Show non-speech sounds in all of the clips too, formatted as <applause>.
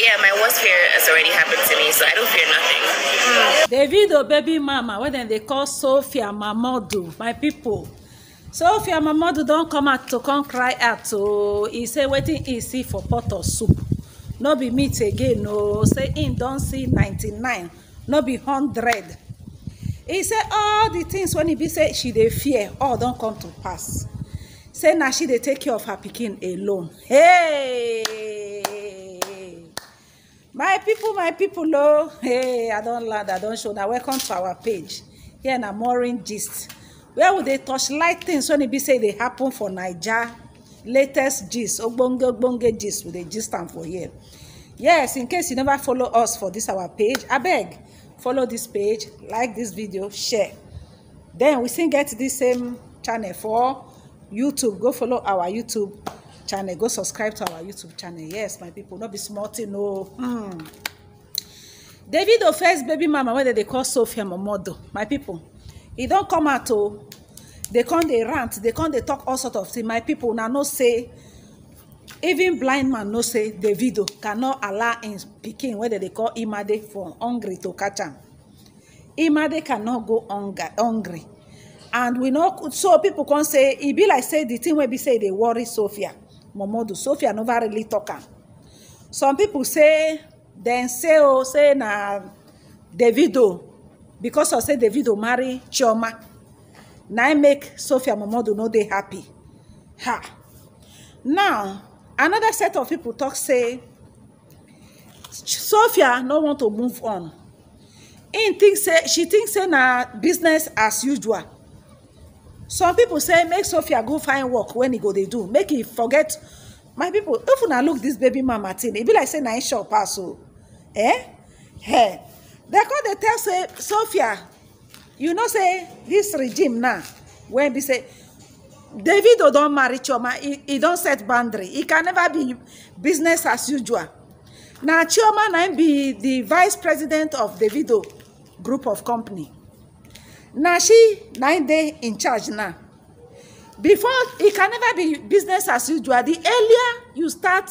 yeah, my worst fear has already happened to me, so I don't fear nothing. Mm. Davido baby mama, what then they call Sophia Mamodu, my people. Sophia Mamodu don't come out to come cry out to he say waiting easy for pot or soup. No be meat again, no. Say in don't see 99, no be hundred. He say all the things when he be say she they fear, all don't come to pass. Say now she they take care of her picking alone. Hey! my people my people oh hey i don't land i don't show Now welcome to our page here na Maureen gist where would they touch light things when e be say they happen for naija latest gist ogbonge ogbonge gist we dey gist am for here yes in case you never follow us for this our page I beg, follow this page like this video share then we still get this same channel for youtube go follow our youtube channel go subscribe to our youtube channel yes my people no be small thing o hmm davido first baby mama whether they call sophia momodo my people he don't come out o oh. They come they rant They come they talk all sort of things my people now no say even blind man no say davido oh, cannot allow in speaking. Whether they dey call imade for hungry to catch him, imade cannot go hungry and we know so people come say e be like say the thing. wey be say they worry sophia momodu sophia never really tok am some people say dem say oh say na davido because of say davido marry chioma na im make sophia momodu no dey happy ha now another set of people talk say sophia no want to move on im think say she think say na business as usual some people say make sophia go find work when he go dey do make he forget my pipo if una look this baby mama tin e be like say na im e shop pass o eh eh They come dey tell say sophia you know say this regime now when be say davido don marry chioma he e don set boundary He can never be business as usual na chioma na im be the vice president of davido group of company Now she na im in charge now before it can never be business as usual the earlier you start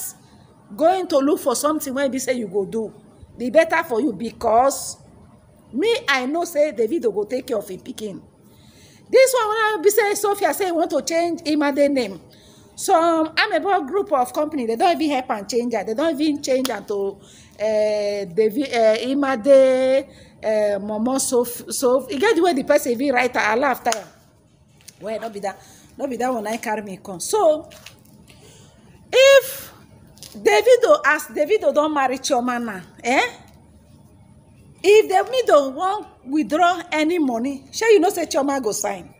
going to look for something when be say you go do the better for you because me i know say davido go take care of im Picking this one wey be say sophia say want to change imade name So I'm some amebo group of company they don't even help and change that. they don't even change am to uh, eh, Davi, uh, eh, imade Eh, momo so so e get the way the person even write her laugh tire well no be that not be that one i carry me con. so if davido as davido don't marry chioma now eh if davido wan withdraw any money shey you know say Choma go sign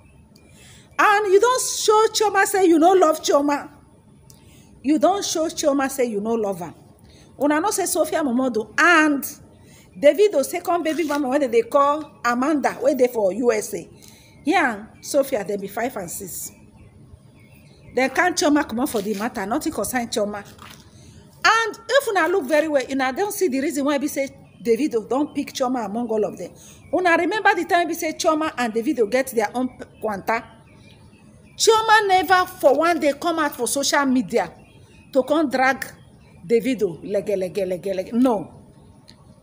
and you don't show Choma say you no love Choma, you don't show Choma say you no love am una know say sophia momodu and davido second baby mama wey dem call amanda when they for usa here sophia dem be five and six dem count chioma comot for the matter not nothing sign Choma. and if una look very well una don't see the reason why we say davido don't pick Choma among all of them. dem una remember the time we say Choma and davido get their own kwanta Choma never for one day come out for social media to come drag davido lege lege lege lege no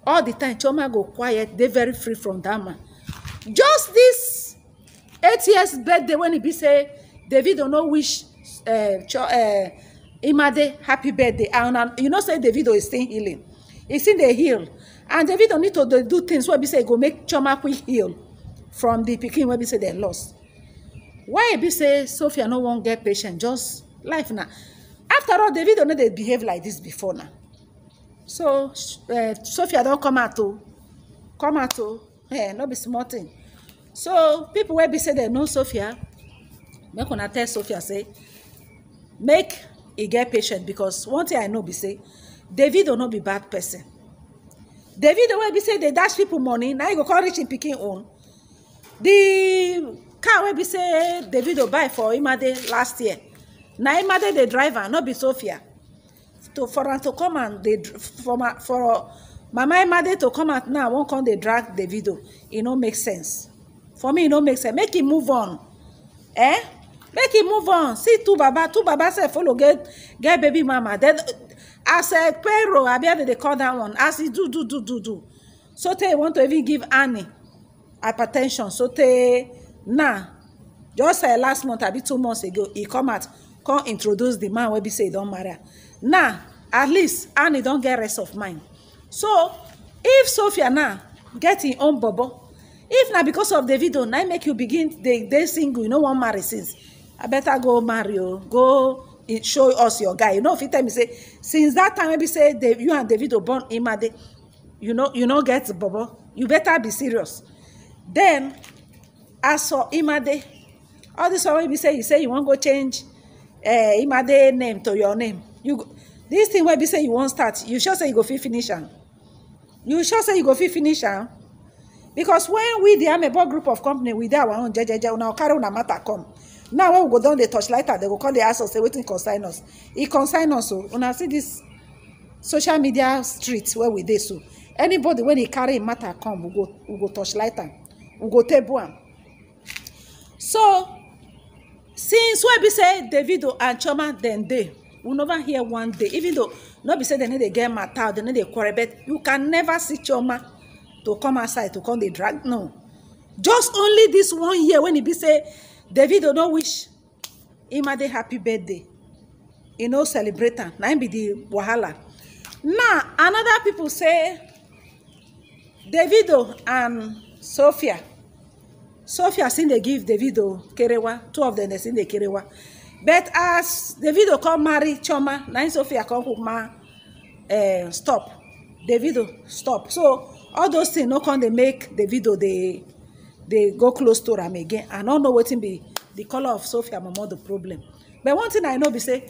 all the time Choma go quiet They very free from that man just this eight years birthday when he be say David don't know wish eh, eh, imade happy birthday and you know say David is still healing e seen dey heal and David don't need to do things wey be say e go make Choma quick heal from the picking. wey he say they lost why e be say sophia no one get patient just life now. after all David don't know they behave like this before now so uh, sophia don't come out o come out o eh, no be small thing so people will be say they know sophia make una tell sophia say make e get patient because one thing i know be say David will not be bad person davido wey be say they dash pipo money Now e go call reach im pikin own The car will be say David will buy for imade last year Now imade dey driver not be sophia to for am to come and dey for my for mama emade to come out now wan come they drag the video, it no make sense for me it no make sense make him move on eh make him move on see two baba two baba say follow get get baby mama then as ekpero abi how dem dey call that one as he do do do do do So they want to even give annie hypertension they now just uh, last month I be two months ago he come out come introduce the man wey be say e don marry am now at least annie don get rest of mind so if sophia now get im own bobo if na because of davido na make you begin dey dey single you no wan marry since i better go marry o go show us your guy you no fit tell me say since that time wey be say you and davido born imade you no you no get bobo you better be serious then as for imade all this one wey be say you say you wan go change uh, imade name to your name you go, this thing wey be say you wan start you sure say you go fit finish am you sure say you go fit finish am because when we the amebo group of company we dey our own jejeje una carry una matter come now when we go don dey touch lighter they go come dey ask us say wetin concern us e concern us o oh. una see this social media street where we dey so anybody wey dey carry im matter come we go we go touch lighter we go table am so since wey be say davido and chioma dem dey we never hear one day even though no be say dem no dey get matter or dem no dey quarrel but you can never see chioma to come outside to come dey drag no just only this one year when e be say davido no wish ima dey happy birthday e no celebrate am na im be the wahala now another people say davido and sophia sophia seen they give davido kerewa two of them dey still dey kerewa but as davido come marry Choma, na im sophia come kukuma uh, eh, stop davido stop so all those things no come they make davido they they go close to am again i no know wetin be the color of sophia mama the problem but one thing i know be say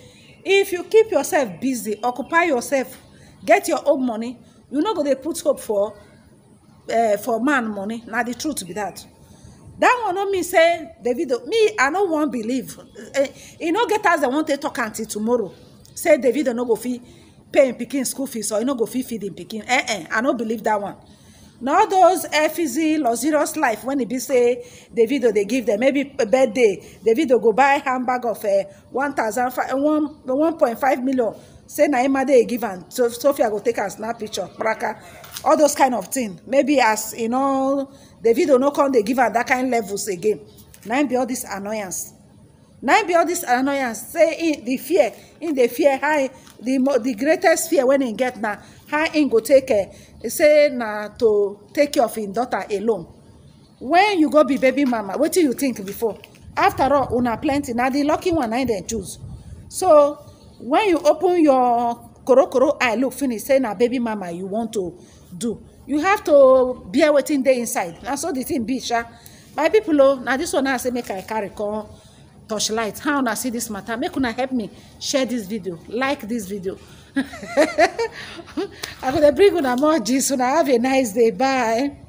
if you keep yourself busy occupy yourself get your own money you know what they put hope for uh, for man money Now the truth be that That one not mean say David. me i no wan believe You eh, no get us. I wan take talk until tomorrow say I no go fee pay picking pikin school fees or e no go fee feed picking. eh eh i no believe that one Now those effigy luxurious life when e be say David, they give them maybe a birthday David go buy handbag of eh, one thousand eh, one point five million say na im dey give and sophia go take a snap picture praka all those kind of thing maybe as you know. davido no come They give am that kind levels again Now im be all dis annoyance Now im be all dis annoyance say in the fear in the fear how the greatest fear when im get now, how im go take say na to take care of im daughter alone When you go be baby mama what do you think before after all una plenty Now the lucky one I im choose so when you open your koro koro, eye look finish say na baby mama you want to do you have to bear wetin dey inside na so the thing be sha my people o oh, na this one i say make i carry come torchlight how una see this matter make una help me share this video like this video <laughs> i go dey bring una more gist una have a nice day bye.